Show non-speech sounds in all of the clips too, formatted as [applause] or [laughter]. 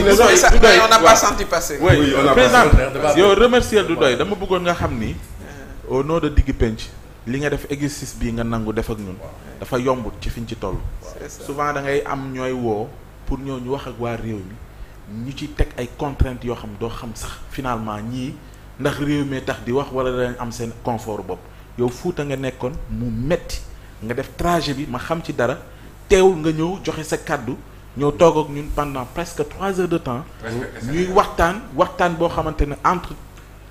mais on n'a pas senti passer. oui on n'a pas senti passer yow remercier du doy dama bëggoon nga xam ni au nom de digg penc li nga def exercice bii nga nangu def ak ñun dafa yombut ci fiñ ci toll. souvent da ngay am ñooy woo pour ñoo ñu wax ak waa réew mi ñu ci teg ay contraintes yoo xam doo xam sax finalement ñii ndax réew mi tax di wax wala dañ am seen confort bopp yow fuut a nga nekkoon mu metti nga def trajet bi ma xam ci dara teewul nga ñëw joxe sa kàddu ñëw toog ak ñun pendant presque trois heures de temps. ñuy waxtaan waxtaan boo xamante ne entre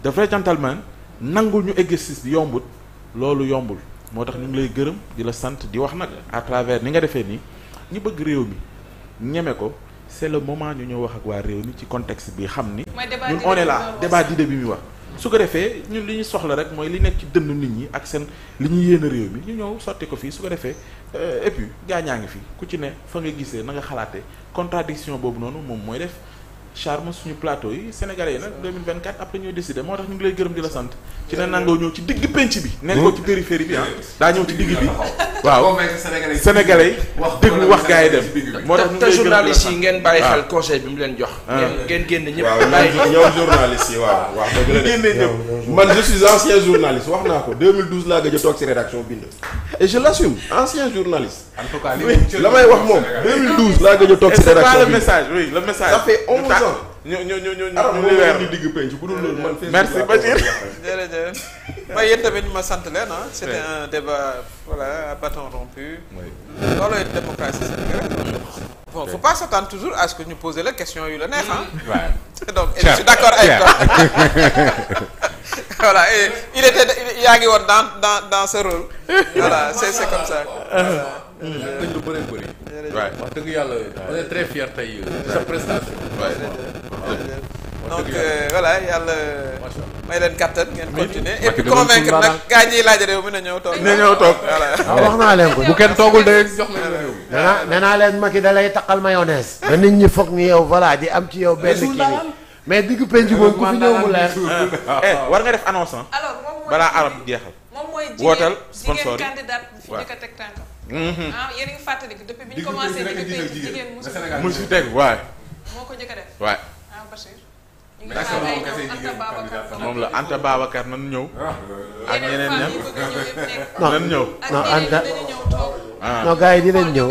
de vrai gentleman ñu exercice bi yombut loolu yombul moo tax ñu lay gërëm di la sant di wax nag à travers ni nga defee nii ñu bëgg réew mi ñeme ko c'est le moment ñu ñëw wax ak waa réew mi ci contexte bi xam ni. ñun on est là débat bi muy wax. su ko defee ñun li ñu soxla rek mooy li nekk ci dënn nit ñi ak seen li ñu yéene réew mi ñu ñëw sotti ko fii su ko defee. Euh, et puis gaa ñaa ngi fi ku ci ne fa nga gisee na nga xalaatee contradiction boobu noonu moom mooy def charme suñu plateau yi sénégalais yi nag 2024 après ñooy décider moo tax ñu ngi lay gërëm di la sant ci na nangoo ñëw ci digg penc bi nekkoo ci périphérie bi ah daa ñëw ci digg bi waaw sénégalais yi wax gaa yi dem moo ngeen bàyyi xel ah. bi mu leen jox ah. ngeen génn ñëpp waaw ñoom journaliste yi waaw waaw man je suis ancien journaliste wax naa ko 2012 laa gëj a toog ci rédaction et je l'assume ancien journaliste. en tout cas la may wax moom 2012 laa toog si rédaction bi le message oui le message. ça fait di digg penc bu dul loolu man. merci Bachir jërëjëf ma ma sant leen ah. c'était un débat voilà à bâton rompu. loolooy démocratie Sénégal. bon faut pas s'attendre toujours à ce que ñu poser la question yu la neex ah. [laughs] donc je suis [laughs] voilà yaa ngi woon dans dans dans ce rôle. voilà waaw wax dëgg yàlla on est très fier tey euh, euh, leen kattan ngeen continuer et puis convaincre nag gaa ñiy ah, naa leen ko bu kenn toogul da leen jox na réew nee naa leen Macky da lay taqal mayonnaise ba nit ñi foog ni yow voilà di am ci yow benn kii mais diggu penc moom fi ñëw mu leer. Eh, war nga def annonce ah? balaa arab jeexal. moom mooy jigéen jigéen candidat a teg tànkam. Mm-hmm. ah yéen a ngi moom la Anta Babacar nan ñëw. Ah, euh, ak ñeneen ñam nan ñëw. non Anta ah. non gars dinañ ñëw.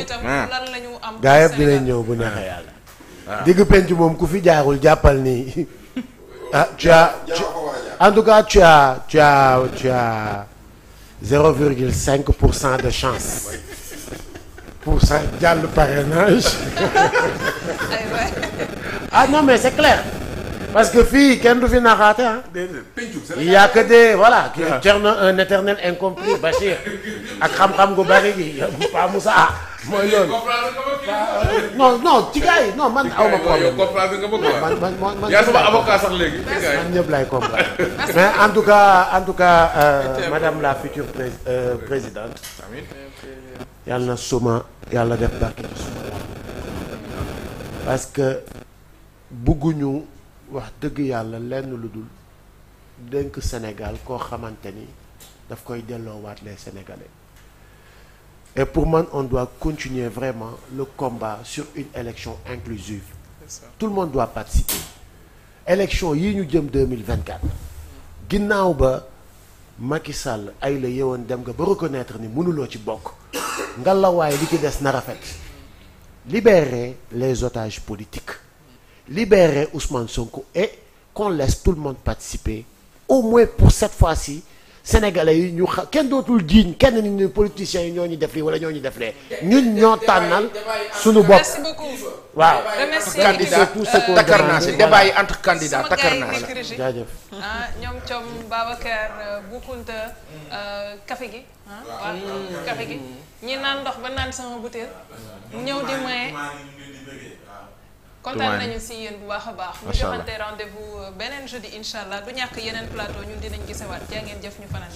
gars dinañ ñëw bu neexee Ah. digg penc moom ku fi jaarul jàppal ni [laughs] ah tu as en tout cas tu as tu as tu as zéro virgule cinq pour cent de chance pour ça jàll parrainage [laughs] ah non mais c'est clair parce que fii kenn du fi naxaate ah. déedéet y a que des voilà. waaw ah. Thierno un éternel incompris Bachir ak xam-xam gu bari gi Pa Moussa ah, mooy loolu. Euh, non non ci gars yi non man. aw ma problème man man man man. yaa sama avocat sax léegi. man ñëpp lay comprendre. [laughs] mais en tout cas en tout cas euh, madame la future prés euh, présidente. yàlla na suma yàlla def barke ci suma parce que bugguñu. wax dëgg yàlla lenn lu dul dénk Sénégal koo xamante ni daf koy delloowaat les Sénégalais et pour man on doit continuer vraiment le combat sur une élection inclusive tout le monde doit participer élection yi ñu jëm 2024 ginnaaw ba Macky sàll ay la yewoon dem nga ba reconnaître ni mënuloo ci bokk nga la waaye li ci des na rafet libérer les otages politiques libérer Ousmane Sonko et qu'on laisse tout le monde participer au moins pour cette fois si sénégalais yi ñu xa kenn dootul jiiñ kenn ni ñu politiciens yi ñoo ñu def lii wala ñoo ñu def lee ñun ñoo tànnal suñu bopp waaw candidat takar naa si débat yi entre candidat takar naa si jaajëf ah, ñoom coom Babacar euh, Boukounta euh, ah, café gi ñi naan ndox ba naan sama butéel ñëw di maye kontaan nañu si yéen bu baax a baax ñu joxante rendez-vous euh, beneen jeudi incha allah du ñàkk yeneen plateau ñun dinañ gisewaat jaa ngeen jëf ñu fanaan